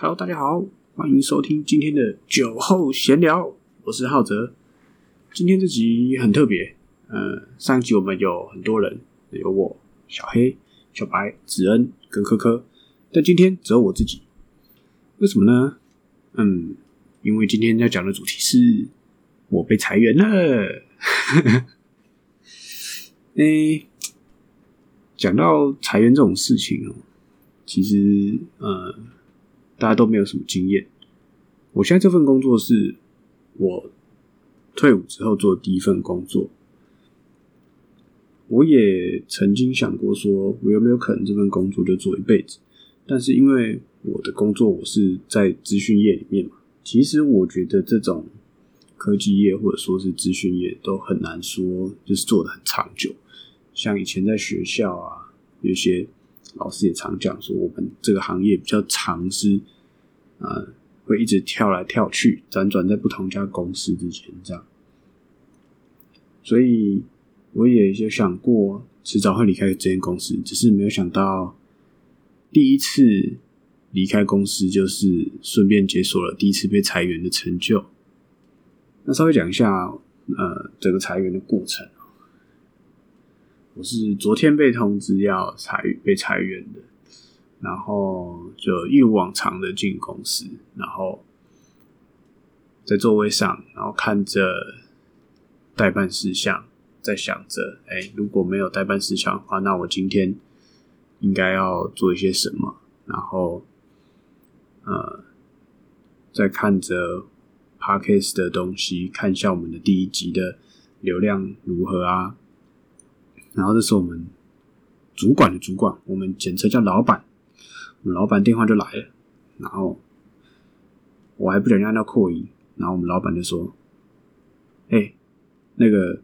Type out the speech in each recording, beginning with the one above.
Hello，大家好，歡迎收聽今天的酒後閒聊。我是浩澤，今天這集很特別。呃，上集我們有很多人，有我、小黑、小白、子恩跟柯柯，但今天只有我自己。為什麼呢？嗯，因為今天要講的主題是我被裁員了。哎、 欸，講到裁員這種事情其實呃。大家都沒有什麼經驗。我現在這份工作是我退伍之後做的第一份工作。我也曾經想過說，說我有沒有可能這份工作就做一輩子？但是因為我的工作，我是在資訊業裡面嘛，其實我覺得這種科技業或者說是資訊業都很難說，就是做得很長久。像以前在學校啊，有些。老師也常講說，我們這個行業比較常是，呃，會一直跳來跳去，輾轉在不同家公司之間，這樣。所以我也有想過，遲早會離開這間公司，只是沒有想到，第一次離開公司就是順便解鎖了第一次被裁員的成就。那稍微講一下，呃，整個裁員的過程。我是昨天被通知要裁被裁員的，然後就一如往常的進公司，然後在座位上，然後看着待辦事項，在想着，哎、欸，如果沒有待辦事項的話，那我今天應該要做一些什麼？然後，呃，在看着 podcast 的東西，看一下我們的第一集的流量如何啊。然後這是我們主管的主管，我們簡稱叫老闆，我們老闆電話就來了，然後我還不小心按到擴音，然後我們老闆就說：“哎、欸，那個，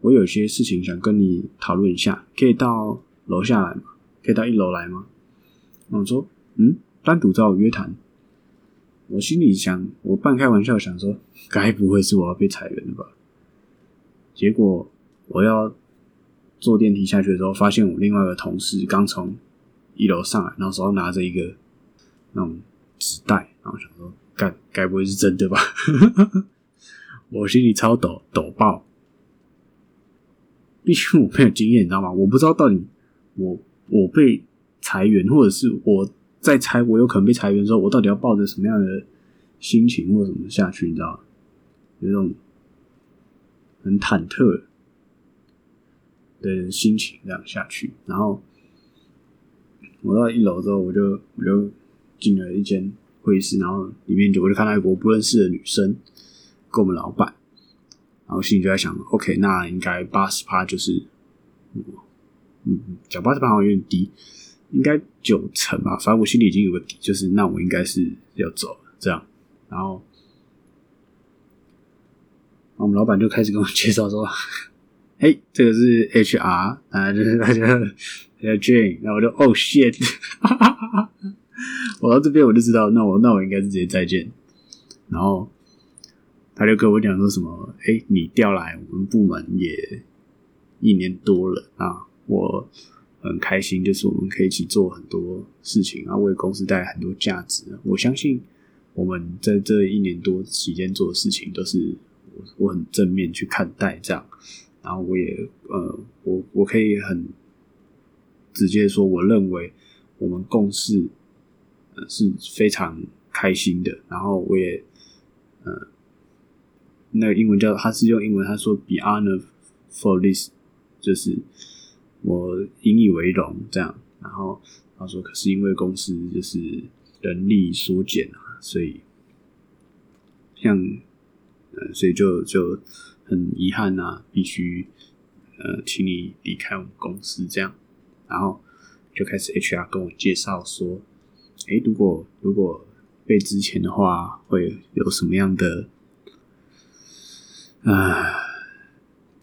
我有些事情想跟你討論一下，可以到樓下來嗎？可以到一樓來嗎？”然後我說：“嗯，單獨找我約談。”我心裡想，我半開玩笑想說，該不會是我要被裁員了吧？結果我要。坐電梯下去的時候，發現我另外一個同事剛從一樓上來，然後手上拿着一個那種紙袋，然後想說：“該該不會是真的吧？” 我心裡超抖抖爆，畢竟我沒有經驗，你知道嗎？我不知道到底我我被裁員，或者是我在裁，我有可能被裁員的時候，我到底要抱着什麼樣的心情或者什麼下去，你知道嗎？有這種很忐忑。的心情這樣下去，然後我到一樓之後，我就我就進了一間會議室，然後裡面就我就看到一個我不認識的女生跟我們老闆，然後心裡就在想，OK，那應該八十趴就是，嗯，講八十趴好像有點低，應該九成吧。反正我心裡已經有個底，就是那我應該是要走了這樣然後，然後我們老闆就開始跟我介紹說。嘿，hey, 這個是 HR 啊，就是大家大家 Jane，那我就哦、oh, shit， 我到這邊我就知道，那我那我應該是直接再見。然後他就跟我講說什麼，哎、欸，你調來我們部門也一年多了啊，我很開心，就是我們可以一起做很多事情啊，為公司帶來很多價值。我相信我們在這一年多期間做的事情都是我我很正面去看待這樣。然後我也呃，我我可以很直接說，我認為我們共事、呃、是非常開心的。然後我也呃，那個英文叫，他是用英文他說 b e h o n d f o r t h i s 就是我引以為榮這樣。然後他說，可是因為公司就是人力縮減啊，所以像呃，所以就就。很遺憾啊，必須呃，請你離開我們公司這樣，然後就開始 HR 跟我介紹說，誒、欸，如果如果被資遣的話，會有什麼樣的啊、呃、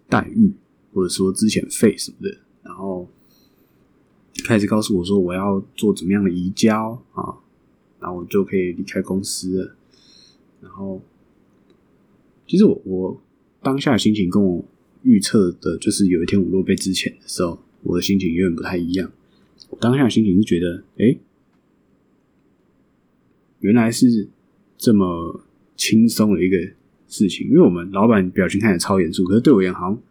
待遇，或者說資遣費什麼的，然後開始告訴我說我要做怎麼樣的移交啊，然後我就可以離開公司了，然後其實我我。當下心情跟我預測的，就是有一天我落被之前的時候，我的心情有點不太一樣。我當下心情是覺得，哎、欸，原來是這麼輕鬆的一個事情。因為我們老板表情看起來超嚴肅，可是對我而言，好像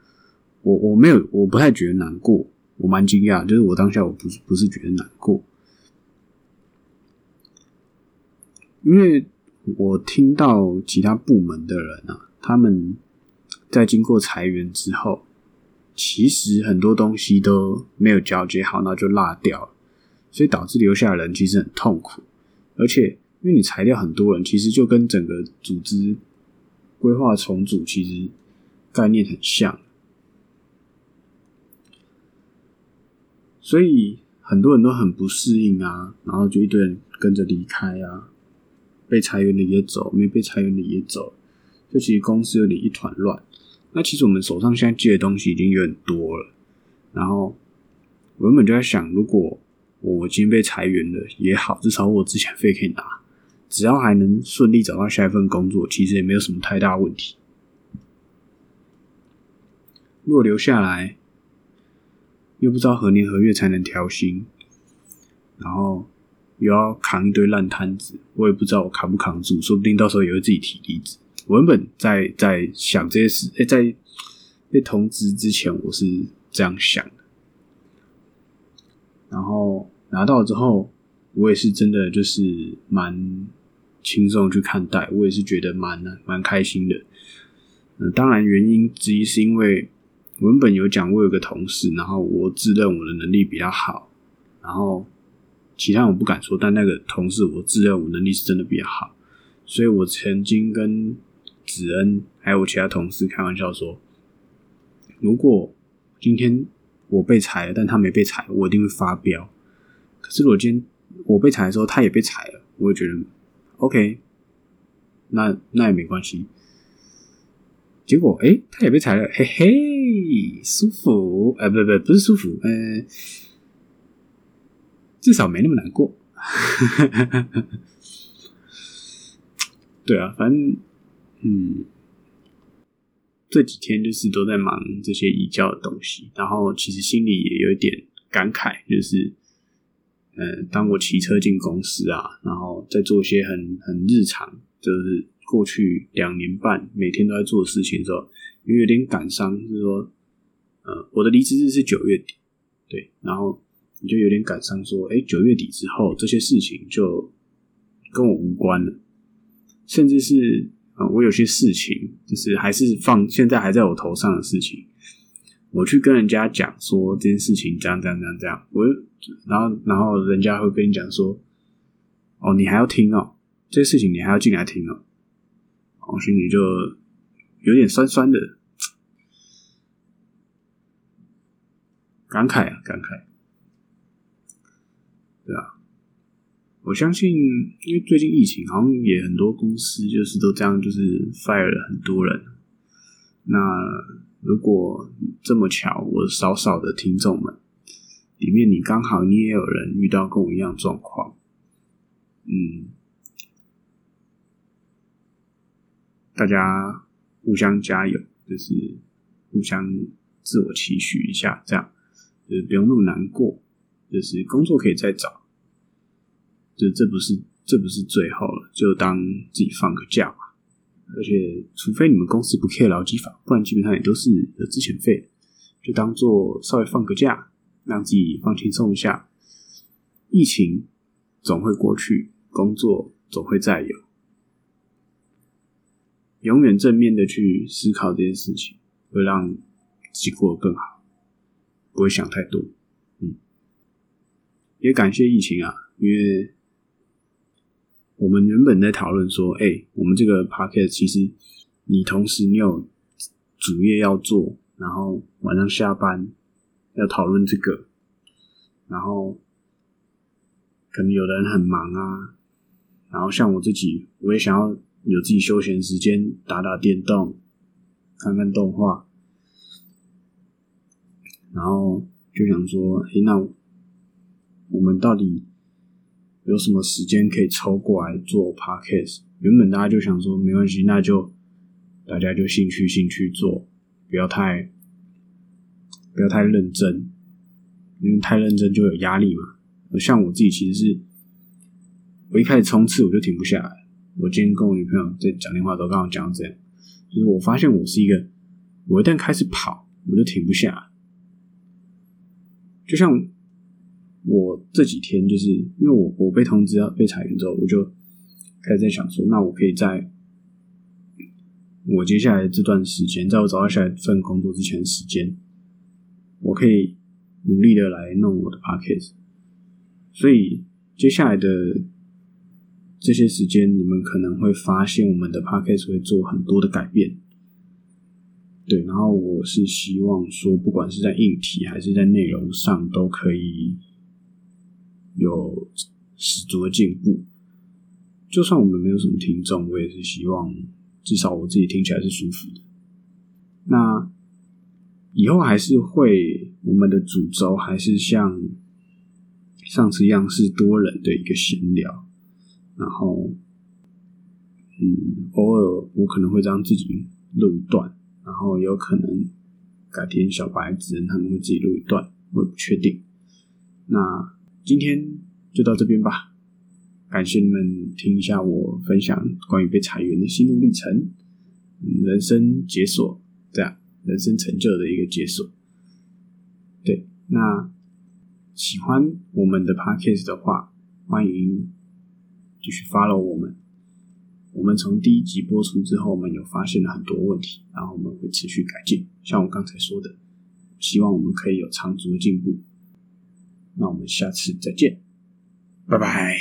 我我沒有，我不太覺得難過，我蠻驚訝。就是我當下我不不是覺得難過，因為我聽到其他部門的人啊，他們。在經過裁員之後，其實很多東西都沒有交接好，那就落掉了，所以導致留下的人其實很痛苦。而且因為你裁掉很多人，其實就跟整個組織規劃重組其實概念很像，所以很多人都很不適應啊，然後就一堆人跟着離開啊，被裁員的也走，沒被裁員的也走，就其實公司有點一團亂。那其實我們手上現在借的東西已經有很多了，然後我原本就在想，如果我今天被裁員了也好，至少我資遣費可以拿，只要還能順利找到下一份工作，其實也沒有什麼太大問題。如果留下來，又不知道何年何月才能調薪，然後又要扛一堆爛攤子，我也不知道我扛不扛得住，說不定到時候也會自己提離職。我原本在在想這些事，哎、欸，在被通知之前，我是這樣想的。然後拿到之後，我也是真的就是蠻輕鬆去看待，我也是覺得蠻蠻開心的。嗯，當然原因之一是因為我原本有講，我有個同事，然後我自認我的能力比較好，然後其他我不敢說，但那個同事我自認我的能力是真的比較好，所以我曾經跟子恩還有我其他同事開玩笑說：“如果今天我被裁了，但他沒被裁，我一定會發飆。可是如果今天我被裁的時候，他也被裁了，我就覺得 OK，那那也沒關係。結果哎、欸，他也被裁了，嘿嘿，舒服。哎、欸，不不，不是舒服，嗯、呃，至少沒那麼難過。 對啊，反正。”嗯，這幾天就是都在忙這些移交的東西，然後其實心裡也有一點感慨，就是，呃，當我騎車進公司啊，然後在做一些很很日常，就是過去兩年半每天都在做的事情的時候，因為有點感傷，就是說，呃，我的離職日是九月底，對，然後你就有點感傷，說，哎，九月底之後這些事情就跟我無關了，甚至是。嗯，我有些事情，就是還是放現在還在我頭上的事情，我去跟人家講說這件事情這樣這樣這樣這樣，我然後然後人家會跟你講說，哦，你還要聽哦，這些事情你還要進來聽哦，我心裡就有點酸酸的，感慨啊感慨，對啊。我相信，因為最近疫情，好像也很多公司就是都這樣，就是 fire 了很多人。那如果這麼巧，我少少的聽眾們裡面，你剛好你也有人遇到跟我一樣狀況，嗯，大家互相加油，就是互相自我期許一下，這樣就是不用那麼難過，就是工作可以再找。就這不是，這不是最後了，就當自己放個假吧。而且，除非你們公司不 care 勞基法，不然基本上也都是有資遣費，就當做稍微放個假，讓自己放輕鬆一下。疫情總會過去，工作總會再有。永遠正面的去思考這件事情，會讓自己過得更好，不會想太多。嗯，也感謝疫情啊，因為。我們原本在討論說，哎、欸，我們這個 podcast 其實，你同時你有主業要做，然後晚上下班要討論這個，然後可能有的人很忙啊，然後像我自己，我也想要有自己休閒時間，打打電動，看看動畫，然後就想說，哎、欸，那我們到底？有什麼時間可以抽過來做 Podcast？原本大家就想說沒關係，那就大家就興趣興趣做，不要太不要太認真，因為太認真就有壓力嘛。像我自己其實是，我一開始衝刺我就停不下來。我今天跟我女朋友在講電話的時候剛我講剛好講這樣，就是我發現我是一個，我一旦開始跑我就停不下來，就像。我這幾天就是因為我我被通知要被裁員之後，我就開始在想說，那我可以在我接下來這段時間，在我找到下一份工作之前的時間，我可以努力的來弄我的 podcast。所以接下來的這些時間，你們可能會發現我們的 podcast 會做很多的改變。對，然後我是希望說，不管是在議題還是在內容上，都可以。有十足的進步。就算我們沒有什麼聽眾，我也是希望至少我自己聽起來是舒服的。那以後還是會，我們的主軸還是像上次一樣是多人的一個閒聊，然後嗯，偶爾我可能會讓自己錄一段，然後有可能改天小白子他們會自己錄一段，我也不確定。那。今天就到這邊吧，感謝你們聽一下我分享關於被裁員的心路歷程，人生解鎖這樣，人生成就的一個解鎖。對，那喜歡我們的 podcast 的話，歡迎繼續 follow 我們。我們從第一集播出之後，我們有發現了很多問題，然後我們會持續改進。像我剛才說的，希望我們可以有長足的進步。那我們下次再見，拜拜。